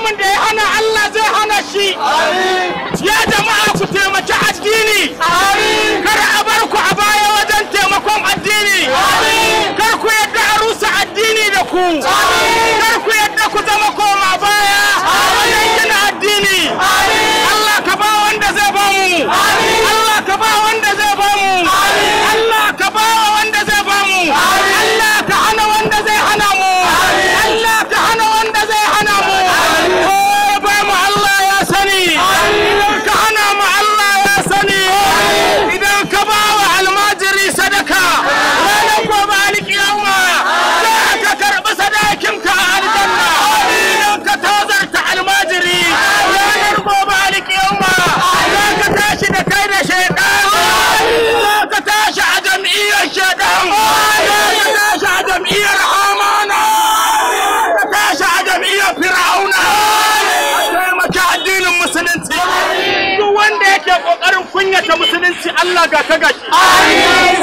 mutumin da ya hana Allah zai hana shi. Amin. kunyata musulunci Allah ga ta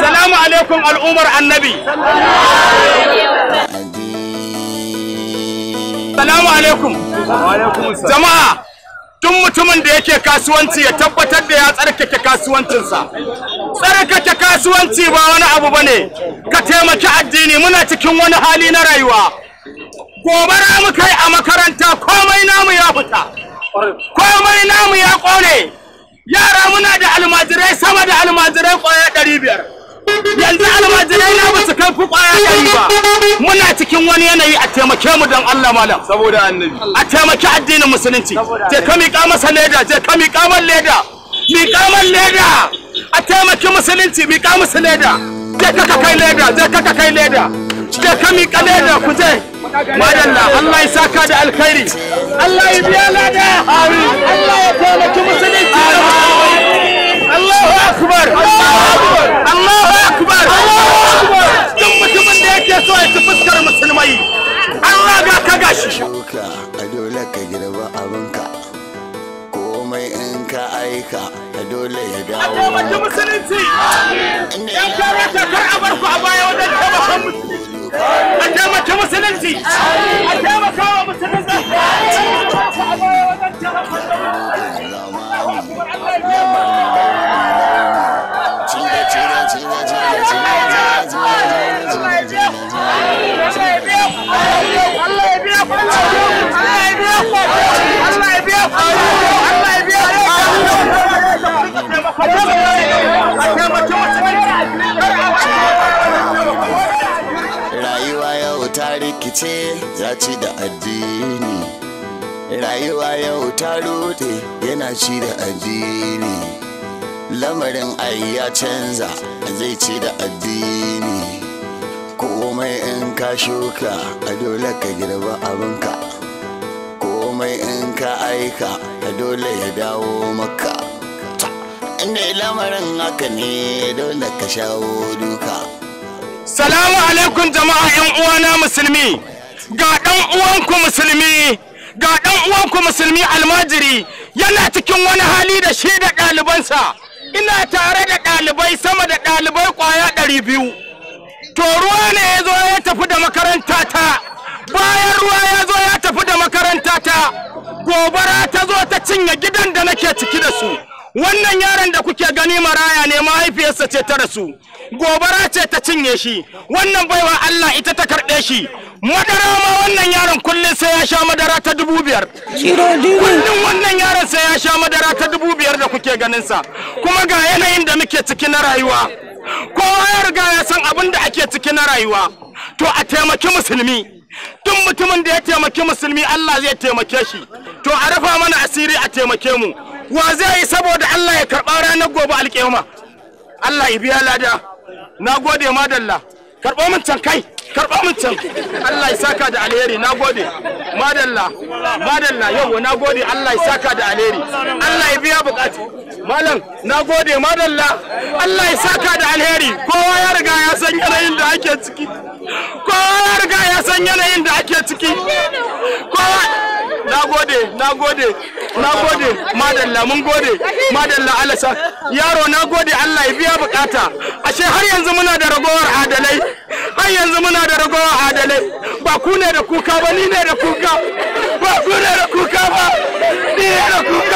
salamu alaikum al'umar annabi salamu alaikum jama'a tun mutumin da yake kasuwanci ya tabbatar da ya tsarkake kasuwancinsa tsarkake kasuwanci ba wani abu bane ka taimaki addini muna cikin wani hali na rayuwa na mu kai a makaranta komai namu ya fita komai namu ya kone yara muna da almajirai sama da almajirai kwaya ɗari biyar yanzu almajirai na ba su kai fi kwaya ɗari ba muna cikin wani yanayi a taimake mu don Allah malam saboda annabi a taimake addinin musulunci je ka miƙa masa leda je ka miƙa man leda miƙa man leda a taimake musulunci miƙa musu leda je ka kai leda je ka kai leda je ka miƙa leda ku je madalla Allah ya saka da alkhairi Allah ya biya dole ya dawo. A taimaki musulunci! kar a barku a baya wajen taimakon musulunci! A musulunci! A taimaka wa musulunci! Allah ya biya ku! Allah ya biya Allah ya biya Allah ya biya ya ci da addini rayuwa yau ta rute yana ci da addini lamarin ai ya canza zai ci da addini komai in ka shuka a dole ka girba abinka komai in ka aika a dole ya dawo maka inda lamarin haka ne dole ka shawo duka salamu alaikum jama'a 'yan uwana musulmi ga dan uwanku musulmi ga dan uwanku musulmi almajiri yana cikin wani hali da shi da ɗalibansa ina tare da ɗalibai sama da ɗalibai kwaya ɗari biyu to ruwa ne ya zo ya tafi da makaranta ta bayan ruwa ya zo ya tafi da makaranta ta gobara ta zo ta cinye gidan da nake ciki da su wannan yaron da kuke gani maraya ne mahaifiyarsa ce ta rasu gobara ce ta cinye shi wannan baiwa Allah ita ta karɓe shi madara ma wannan yaron kullum sai ya sha madara ta dubu biyar kullum wannan yaron sai ya sha madara ta dubu biyar da kuke ganinsa kuma ga yanayin da muke ciki na rayuwa kowa ya riga ya san abin da ake ciki na rayuwa to a taimaki musulmi duk mutumin da ya taimaki musulmi Allah zai taimake shi to a rufa mana asiri a taimake mu wa zai yi saboda Allah ya karɓa ranar gobe alƙiyama Allah ya biya lada na gode madalla karɓo min can kai karɓa min can Allah ya saka da alheri na gode madalla madalla yau na gode Allah ya saka da alheri Allah ya biya bukatu malam na gode madalla Allah ya saka da alheri kowa ya riga ya san yanayin da ake ciki kowa ya riga ya san yanayin da ake ciki kowa na gode na gode na gode madalla mun gode madalla Allah sa yaro na gode Allah ya biya bukata ashe har yanzu muna da ragowar adalai har yanzu muna da ragowar adalai ba ku ne da kuka ba ni ne da kuka ba ku ne da kuka ba ni ne da kuka